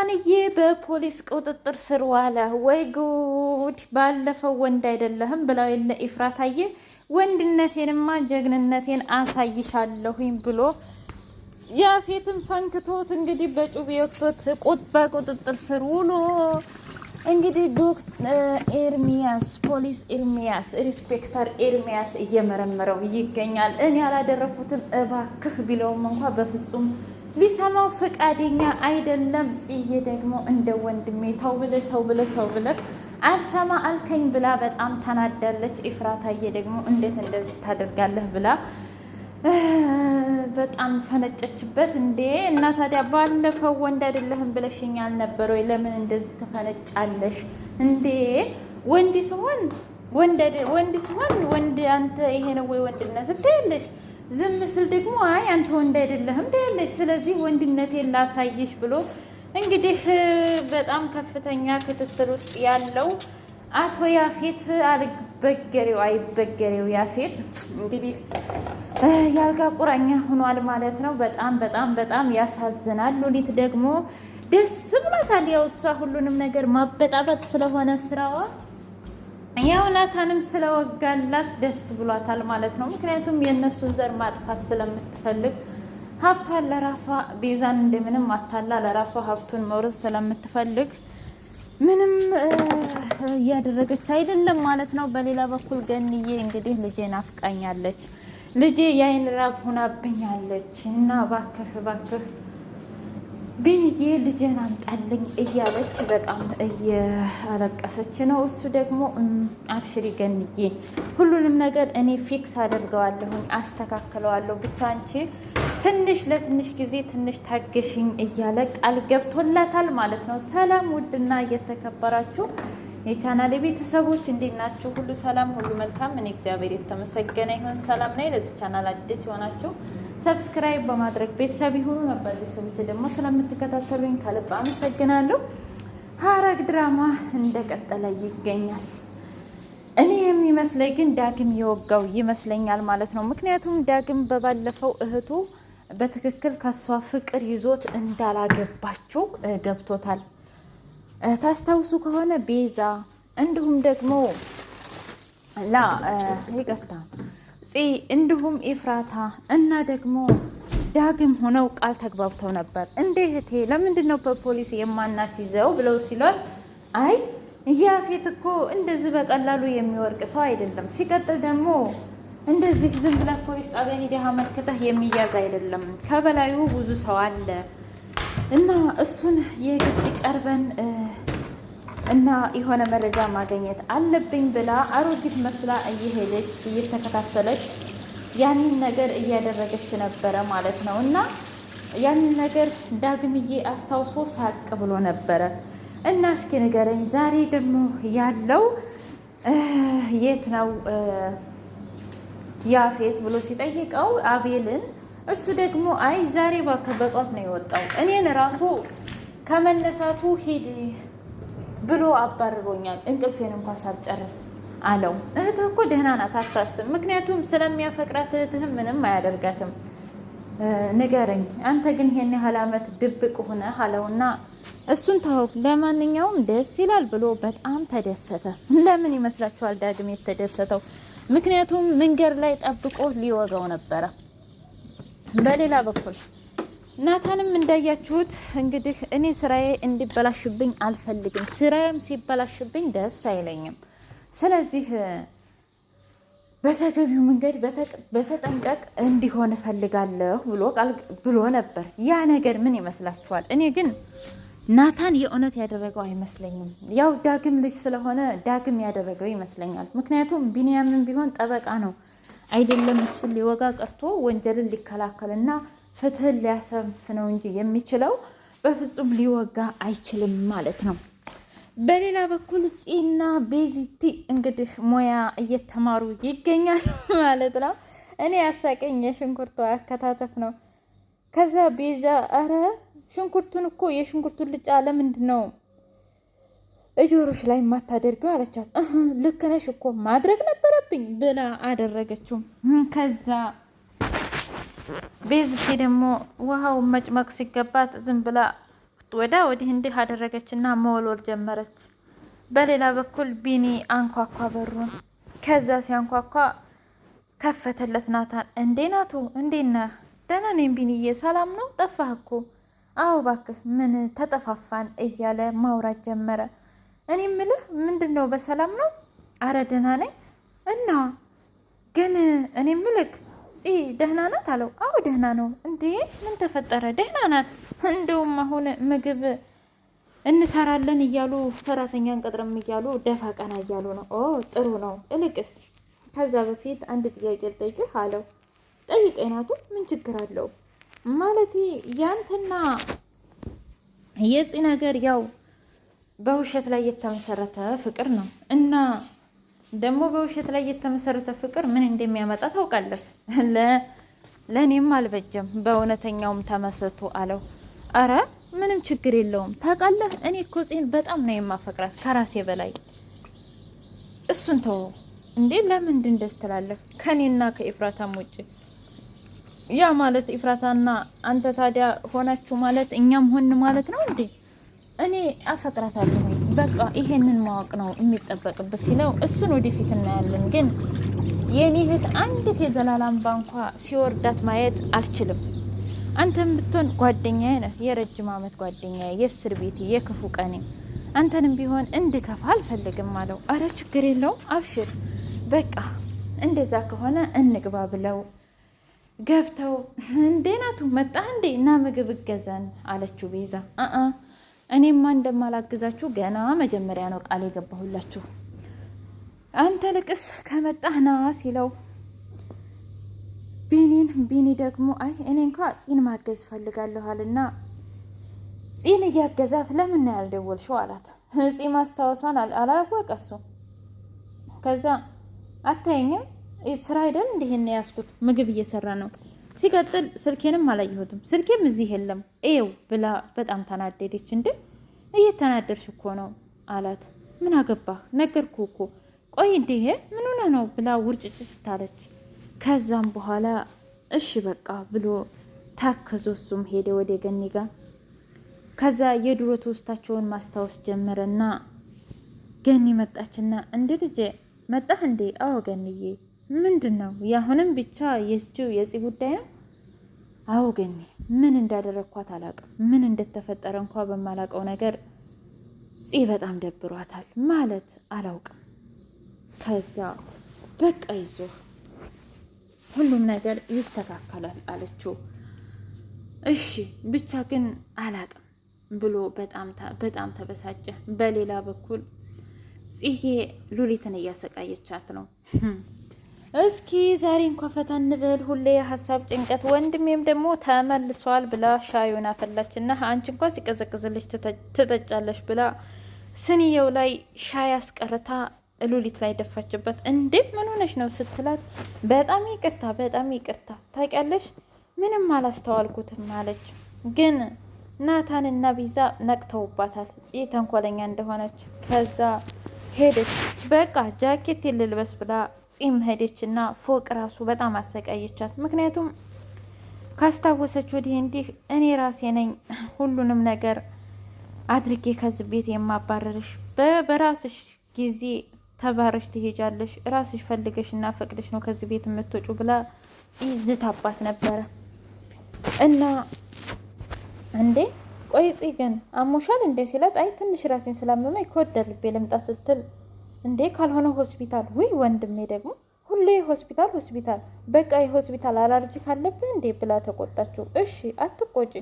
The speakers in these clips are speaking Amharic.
ዳንዬ በፖሊስ ቁጥጥር ስር ዋለ። ወይ ጉድ! ባለፈው ወንድ አይደለህም ብለው የለ ኤፍራታዬ፣ ወንድነቴንማ ጀግንነቴን አሳይሻለሁኝ ብሎ ያፌትን ፈንክቶት እንግዲህ በጩቤ ወቅቶት ቁጥ በቁጥጥር ስር ውሎ እንግዲህ ዶክተር ኤርሚያስ ፖሊስ ኤርሚያስ ሪስፔክተር ኤርሚያስ እየመረመረው ይገኛል። እኔ ያላደረኩትም እባክህ ቢለውም እንኳ በፍጹም ሊሰማው ፈቃደኛ አይደለም። ጽዬ ደግሞ እንደ ወንድሜ ተው ብለህ ተው ብለህ ተው ብለህ አልሰማ አልከኝ ብላ በጣም ተናዳለች። ኤፍራታዬ ደግሞ እንዴት እንደዚህ ታደርጋለህ ብላ በጣም ፈነጨችበት። እንዴ እና ታዲያ ባለፈው ወንድ አይደለህም ብለሽኝ አልነበረ ወይ? ለምን እንደዚህ ትፈነጫለሽ? እንዴ ወንድ ሲሆን ወንድ ሲሆን ወንድ አንተ ይሄ ነው ወይ ወንድነት ትያለሽ? ዝም ስል ደግሞ አይ አንተ ወንድ አይደለህም ትያለች። ስለዚህ ወንድነቴን ላሳይሽ ብሎ እንግዲህ በጣም ከፍተኛ ክትትል ውስጥ ያለው አቶ ያፌት አልበገሬው አይበገሬው ያፌት እንግዲህ ያልጋ ቁራኛ ሆኗል ማለት ነው። በጣም በጣም በጣም ያሳዝናል። ሉሊት ደግሞ ደስ ብሏታል። ያው እሷ ሁሉንም ነገር ማበጣበጥ ስለሆነ ስራዋ ያው ናታንም ስለወጋላት ደስ ብሏታል ማለት ነው። ምክንያቱም የእነሱን ዘር ማጥፋት ስለምትፈልግ ሀብቷን ለራሷ ቤዛን እንደምንም አታላ ለራሷ ሀብቱን መውረስ ስለምትፈልግ ምንም እያደረገች አይደለም ማለት ነው። በሌላ በኩል ገንዬ እንግዲህ ልጄ ናፍቃኛለች፣ ልጄ የአይን ራብ ሁናብኛለች እና ባክህ ባክህ ቢንዬ ልጄን አምጣልኝ እያለች በጣም እያለቀሰች ነው። እሱ ደግሞ አብሽሪ ገንዬ፣ ሁሉንም ነገር እኔ ፊክስ አደርገዋለሁኝ አስተካክለዋለሁ፣ ብቻ አንቺ ትንሽ ለትንሽ ጊዜ ትንሽ ታገሽኝ እያለ ቃል ገብቶላታል ማለት ነው። ሰላም ውድና እየተከበራችሁ የቻናል ቤተሰቦች እንዴት ናችሁ? ሁሉ ሰላም፣ ሁሉ መልካም። እኔ እግዚአብሔር የተመሰገነ ይሁን ሰላም ነኝ። ለዚህ ቻናል አዲስ ይሆናችሁ ሰብስክራይብ በማድረግ ቤተሰብ ይሁኑ። ነበር ቤተሰቦች ደግሞ ስለምትከታተሉኝ ከልብ አመሰግናለሁ። ሐረግ ድራማ እንደቀጠለ ይገኛል። እኔ የሚመስለኝ ግን ዳግም የወጋው ይመስለኛል ማለት ነው። ምክንያቱም ዳግም በባለፈው እህቱ በትክክል ከሷ ፍቅር ይዞት እንዳላገባቸው ገብቶታል። ታስታውሱ ከሆነ ቤዛ እንዲሁም ደግሞ ላ ይቅርታ ፂ እንዲሁም ኤፍራታ እና ደግሞ ዳግም ሆነው ቃል ተግባብተው ነበር። እንዴ እህቴ ለምንድን ነው በፖሊስ የማናስይዘው ብለው ሲሏል፣ አይ ያፌት እኮ እንደዚህ በቀላሉ የሚወርቅ ሰው አይደለም። ሲቀጥል ደግሞ እንደዚህ ዝም ብለህ ፖሊስ ጣቢያ ሂደህ አመልክተህ የሚያዝ አይደለም። ከበላዩ ብዙ ሰው አለ እና እሱን የግድ ቀርበን እና የሆነ መረጃ ማግኘት አለብኝ ብላ አሮጊት መስላ እየሄደች እየተከታተለች ያንን ነገር እያደረገች ነበረ ማለት ነው። እና ያንን ነገር ዳግምዬ አስታውሶ ሳቅ ብሎ ነበረ። እና እስኪ ንገረኝ ዛሬ ደግሞ ያለው የት ነው ያፌት ብሎ ሲጠይቀው አቤልን፣ እሱ ደግሞ አይ ዛሬ ባከበጧት ነው የወጣው እኔን ራሱ ከመነሳቱ ሂድ ብሎ አባርሮኛል እንቅልፌን እንኳ ሳልጨርስ አለው። እህትህ እኮ ደህና ናት አታስብ። ምክንያቱም ስለሚያፈቅራት እህትህም ምንም አያደርጋትም። ንገረኝ አንተ ግን ይሄን ያህል ዓመት ድብቅ ሆነ አለውና እሱን ተው። ለማንኛውም ደስ ይላል ብሎ በጣም ተደሰተ። ለምን ይመስላችኋል ዳግም የተደሰተው? ምክንያቱም መንገድ ላይ ጠብቆ ሊወጋው ነበረ። በሌላ በኩል ናታንም እንዳያችሁት እንግዲህ እኔ ስራዬ እንዲበላሽብኝ አልፈልግም። ስራዬም ሲበላሽብኝ ደስ አይለኝም። ስለዚህ በተገቢው መንገድ በተጠንቀቅ እንዲሆን እፈልጋለሁ ብሎ ቃል ብሎ ነበር። ያ ነገር ምን ይመስላችኋል? እኔ ግን ናታን የእውነት ያደረገው አይመስለኝም። ያው ዳግም ልጅ ስለሆነ ዳግም ያደረገው ይመስለኛል። ምክንያቱም ቢንያምን ቢሆን ጠበቃ ነው አይደለም እሱን ሊወጋ ቀርቶ ወንጀልን ሊከላከልና ፍትህን ሊያሰንፍ ነው እንጂ የሚችለው በፍጹም ሊወጋ አይችልም ማለት ነው። በሌላ በኩል ፂና ቤዚቲ እንግዲህ ሙያ እየተማሩ ይገኛል ማለት ነው። እኔ ያሳቀኝ የሽንኩርቱ አከታተፍ ነው። ከዛ ቤዛ አረ ሽንኩርቱን እኮ የሽንኩርቱን ልጫ ለምንድን ነው እጆሮች ላይ የማታደርገው አለቻት። ልክ ነሽ እኮ ማድረግ ነበረብኝ ብላ አደረገችው። ከዛ ቤዝቲ ደግሞ ውሃው መጭመቅ ሲገባት ዝም ብላ ወዳ ወዲህ እንዲህ አደረገች እና መወልወል ጀመረች። በሌላ በኩል ቢኒ አንኳኳ በሩን። ከዛ ሲያንኳኳ ከፈተለት ናታን። እንዴ ናቱ፣ እንዴት ነህ? ደህና ነኝ ቢኒዬ። ሰላም ነው? ጠፋህ እኮ። አዎ እባክህ፣ ምን ተጠፋፋን? እያለ ማውራት ጀመረ። እኔ ምልህ ምንድን ነው፣ በሰላም ነው? አረ ደህና ነኝ። እና ግን እኔ ምልክ ፂ ደህና ናት አለው። አዎ ደህና ነው። እንዴ ምን ተፈጠረ? ደህና ናት። እንደውም አሁን ምግብ እንሰራለን እያሉ ሰራተኛ እንቀጥርም እያሉ ደፋ ቀና እያሉ ነው። ኦ ጥሩ ነው። እልቅስ ከዛ በፊት አንድ ጥያቄ ልጠይቅህ አለው። ጠይቀኝ ናቱ። ምን ችግር አለው? ማለት ያንተና የፂ ነገር ያው በውሸት ላይ የተመሰረተ ፍቅር ነው እና ደግሞ በውሸት ላይ የተመሰረተ ፍቅር ምን እንደሚያመጣ ታውቃለህ። ለእኔም አልበጀም። በእውነተኛውም ተመስቶ አለው። አረ ምንም ችግር የለውም። ታውቃለህ እኔ እኮ ጽን በጣም ነው የማፈቅራት ከራሴ በላይ። እሱን ተው እንዴ። ለምንድን ደስ ትላለህ? ከእኔና ከኤፍራታም ውጭ ያ ማለት ኤፍራታና አንተ ታዲያ ሆናችሁ ማለት እኛም ሆን ማለት ነው እንዴ? እኔ አፈቅራታለሁ በቃ ይሄንን ማወቅ ነው የሚጠበቅበት ሲለው እሱን ወደፊት እናያለን። ግን የኔ እህት አንዲት የዘላላም ባንኳ ሲወርዳት ማየት አልችልም። አንተም ብትሆን ጓደኛዬ ነህ፣ የረጅም ዓመት ጓደኛዬ፣ የእስር ቤቴ፣ የክፉ ቀኔ አንተንም ቢሆን እንድከፋ አልፈልግም አለው። አረ ችግር የለውም አብሽር፣ በቃ እንደዛ ከሆነ እንግባ ብለው ገብተው እንዴ ናቱ መጣ እንዴ እና ምግብ እገዘን አለችው ቤዛ እኔማ እንደማላግዛችሁ ገና መጀመሪያ ነው ቃል የገባሁላችሁ። አንተ ልቅስ ከመጣህ ና ሲለው ቢኒን ቢኒ ደግሞ አይ እኔ እንኳ ፂን ማገዝ ፈልጋለሁ አልና ፂን እያገዛት ለምን ነው ያልደወልሽው አላት። ፂ ማስታወሷን አላወቀ እሱ። ከዛ አታየኝም ስራ አይደል እንዲህን ያስኩት ምግብ እየሰራ ነው ሲቀጥል ስልኬንም አላየሁትም፣ ስልኬም እዚህ የለም ኤው ብላ በጣም ተናደደች። እንዴ እየተናደርሽ እኮ ነው አላት። ምን አገባህ ነገርኩ እኮ ቆይ እንደ ምን ሆነ ነው ብላ ውርጭጭ ስታለች፣ ከዛም በኋላ እሺ በቃ ብሎ ታከዞ እሱም ሄደ ወደ ገኒ ጋ። ከዛ የድሮ ትውስታቸውን ማስታወስ ጀመረና ገኒ መጣችና እንዴ ልጄ መጣህ እንዴ? አዎ ገንዬ ምንድን ነው ያሁንም ብቻ የስጂው የጽ ጉዳይ ነው። አዎ ገኒ፣ ምን እንዳደረግኳት አላውቅም። ምን እንደተፈጠረ እንኳ በማላውቀው ነገር ጽ በጣም ደብሯታል ማለት አላውቅም። ከዛ በቃ ይዞ ሁሉም ነገር ይስተካከላል አለችው። እሺ ብቻ ግን አላውቅም ብሎ በጣም ተበሳጨ። በሌላ በኩል ጽዬ ሉሊትን እያሰቃየቻት ነው። እስኪ ዛሬ እንኳ ፈታ እንበል። ሁሌ ሀሳብ ጭንቀት። ወንድሜም ደግሞ ተመልሷል ብላ ሻዩን አፈላች እና አንቺ እንኳ ሲቀዘቅዝልሽ ትጠጫለሽ ብላ ስንየው ላይ ሻይ አስቀርታ ሉሊት ላይ ደፋችበት። እንዴት ምን ሆነሽ ነው ስትላት፣ በጣም ይቅርታ በጣም ይቅርታ ታውቂያለሽ፣ ምንም አላስተዋልኩትም አለች። ግን ናታንና ቢዛ ነቅተውባታል ጽ ተንኮለኛ እንደሆነች ከዛ ሄደች። በቃ ጃኬት ልልበስ ብላ ጺም ሄደች እና ፎቅ ራሱ በጣም አሰቃየቻት። ምክንያቱም ካስታወሰች ወዲህ እንዲህ እኔ ራሴ ነኝ ሁሉንም ነገር አድርጌ ከዚህ ቤት የማባረርሽ በራስሽ ጊዜ ተባረሽ ትሄጃለሽ፣ ራስሽ ፈልገሽ እና ፈቅደሽ ነው ከዚህ ቤት የምትወጩ ብላ ዝታባት ነበረ እና እንዴ ቆይ ጽ ግን አሞሻል እንዴ ሲላት፣ አይ ትንሽ ራሴን ስላመመኝ ከወደ ልቤ ልምጣ ስትል እንዴ ካልሆነ ሆስፒታል። ውይ ወንድሜ ደግሞ ሁሌ ሆስፒታል ሆስፒታል፣ በቃ የሆስፒታል አላርጂ ካለብህ እንዴ ብላ ተቆጣችው። እሺ አትቆጪ።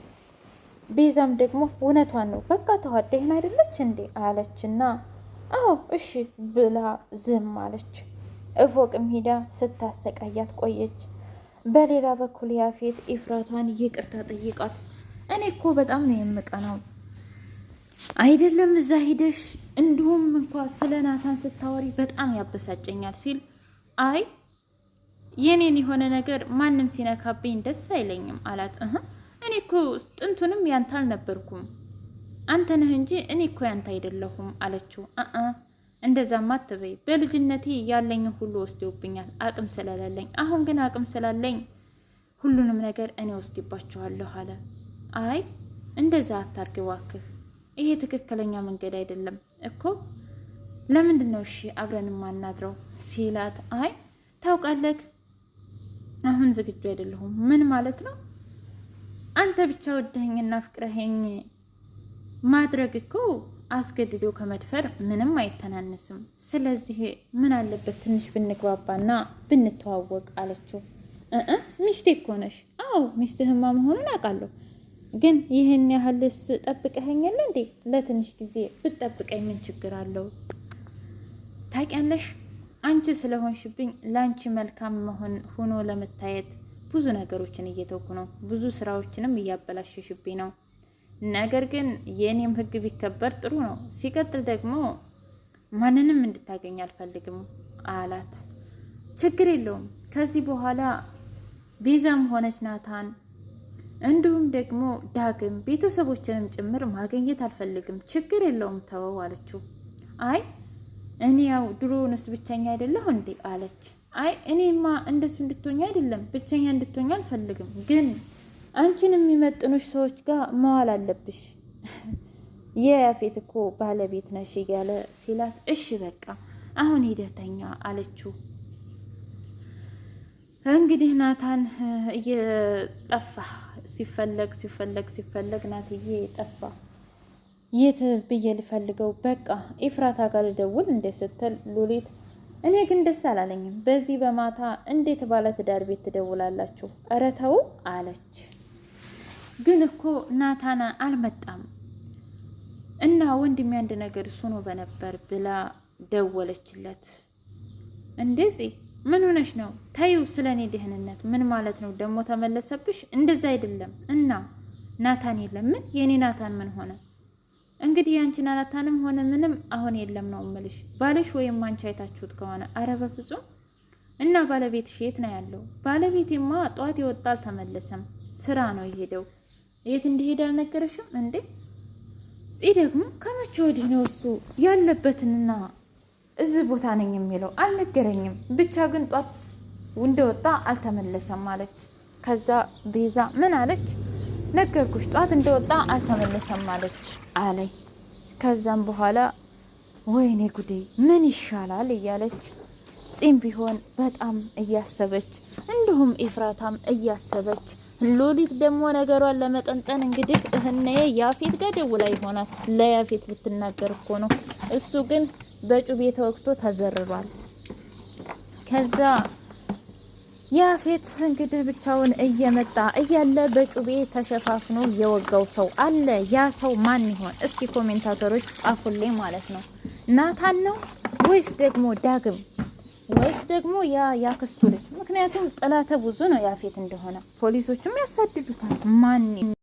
ቤዛም ደግሞ እውነቷን ነው በቃ ተዋት፣ ደህና አይደለች እንዴ አለችና አዎ እሺ ብላ ዝም አለች። እፎቅም ሂዳ ስታሰቃያት ቆየች። በሌላ በኩል ያፌት ኢፍራታን ይቅርታ ጠይቃት እኔ እኮ በጣም ነው የምቀናው። አይደለም እዛ ሂደሽ እንዲሁም እንኳ ስለ ናታን ስታወሪ በጣም ያበሳጨኛል ሲል አይ የኔን የሆነ ነገር ማንም ሲነካብኝ ደስ አይለኝም አላት። እህ እኔ እኮ ጥንቱንም ያንተ አልነበርኩም አንተ ነህ እንጂ እኔ እኮ ያንተ አይደለሁም አለችው። አ እንደዛማ አትበይ፣ በልጅነቴ ያለኝን ሁሉ ወስደውብኛል አቅም ስለሌለኝ፣ አሁን ግን አቅም ስላለኝ ሁሉንም ነገር እኔ ወስድባችኋለሁ አለ። አይ እንደዛ አታርግ እባክህ፣ ይሄ ትክክለኛ መንገድ አይደለም እኮ ለምንድን ነው እሺ አብረን የማናድረው ሲላት፣ አይ ታውቃለህ፣ አሁን ዝግጁ አይደለሁም። ምን ማለት ነው? አንተ ብቻ ወደኸኝና ፍቅረኸኝ ማድረግ እኮ አስገድዶ ከመድፈር ምንም አይተናነስም። ስለዚህ ምን አለበት ትንሽ ብንግባባና ብንተዋወቅ አለችው። ሚስቴ እኮ ነሽ። አዎ ሚስትህማ መሆኑን አውቃለሁ ግን ይህን ያህልስ ጠብቀኸኛል እንዴ? ለትንሽ ጊዜ ብትጠብቀኝ ምን ችግር አለው? ታውቂያለሽ፣ አንቺ ስለሆንሽብኝ ለአንቺ መልካም መሆን ሆኖ ለመታየት ብዙ ነገሮችን እየተውኩ ነው። ብዙ ስራዎችንም እያበላሸሽብኝ ነው። ነገር ግን የእኔም ህግ ቢከበር ጥሩ ነው። ሲቀጥል ደግሞ ማንንም እንድታገኝ አልፈልግም አላት። ችግር የለውም ከዚህ በኋላ ቤዛም ሆነች ናታን እንዲሁም ደግሞ ዳግም ቤተሰቦችንም ጭምር ማግኘት አልፈልግም፣ ችግር የለውም ተወው አለችው። አይ እኔ ያው ድሮውንስ ብቸኛ አይደለሁ እንዴ አለች። አይ እኔማ እንደሱ እንድትሆኝ አይደለም ብቸኛ እንድትሆኝ አልፈልግም፣ ግን አንቺን የሚመጥኑሽ ሰዎች ጋር መዋል አለብሽ፣ የያፌት እኮ ባለቤት ነሽ እያለ ሲላት፣ እሺ በቃ አሁን ሂደተኛ አለችው። እንግዲህ ናታን እየጠፋ ሲፈለግ ሲፈለግ ሲፈለግ ናትዬ ጠፋ። የት ብዬ ልፈልገው? በቃ ኤፍራታ ጋር ልደውል እንደ ስትል ሉሊት እኔ ግን ደስ አላለኝም። በዚህ በማታ እንዴት ባለ ትዳር ቤት ትደውላላችሁ? ኧረ ተው አለች። ግን እኮ ናታን አልመጣም እና ወንድሜ አንድ ነገር እሱ ነው በነበር ብላ ደወለችለት እንደዚህ ምን ሆነሽ ነው? ታዩ ስለ እኔ ደህንነት ምን ማለት ነው? ደግሞ ተመለሰብሽ? እንደዛ አይደለም። እና ናታን የለም? ምን የእኔ ናታን ምን ሆነ? እንግዲህ ያንቺና ናታንም ሆነ ምንም አሁን የለም ነው እምልሽ። ባልሽ ወይም አንቺ አይታችሁት ከሆነ አረበ በፍጹም። እና ባለቤትሽ የት ነው ያለው? ባለቤቴማ ጠዋት የወጣ አልተመለሰም። ስራ ነው የሄደው። የት እንደሄደ አልነገረሽም እንዴ? ፂ ደግሞ ከመቼ ወዲህ ነው እሱ ያለበትንና እዚህ ቦታ ነኝ የሚለው አልነገረኝም። ብቻ ግን ጧት እንደወጣ አልተመለሰም አለች። ከዛ ቤዛ ምን አለች? ነገርኩሽ ጧት እንደወጣ አልተመለሰም አለች አለኝ። ከዛም በኋላ ወይኔ ጉዴ ምን ይሻላል እያለች ፂም ቢሆን በጣም እያሰበች እንዲሁም ኤፍራታም እያሰበች ሎሊት ደግሞ ነገሯን ለመጠንጠን እንግዲህ እህነዬ ያፌት ጋር ደውላ ይሆናል ለያፌት ልትናገር እኮ ነው እሱ ግን በጩቤ ተወግቶ ተዘርሯል። ከዛ ያፌት እንግዲህ ብቻውን እየመጣ እያለ በጩቤ ተሸፋፍኖ የወጋው ሰው አለ። ያ ሰው ማን ይሆን? እስኪ ኮሜንታተሮች ጻፉልኝ ማለት ነው። ናታን ነው ወይስ ደግሞ ዳግም ወይስ ደግሞ ያ ያክስቱ ልጅ? ምክንያቱም ጠላተ ብዙ ነው ያፌት እንደሆነ ፖሊሶችም ያሳድዱታል። ማን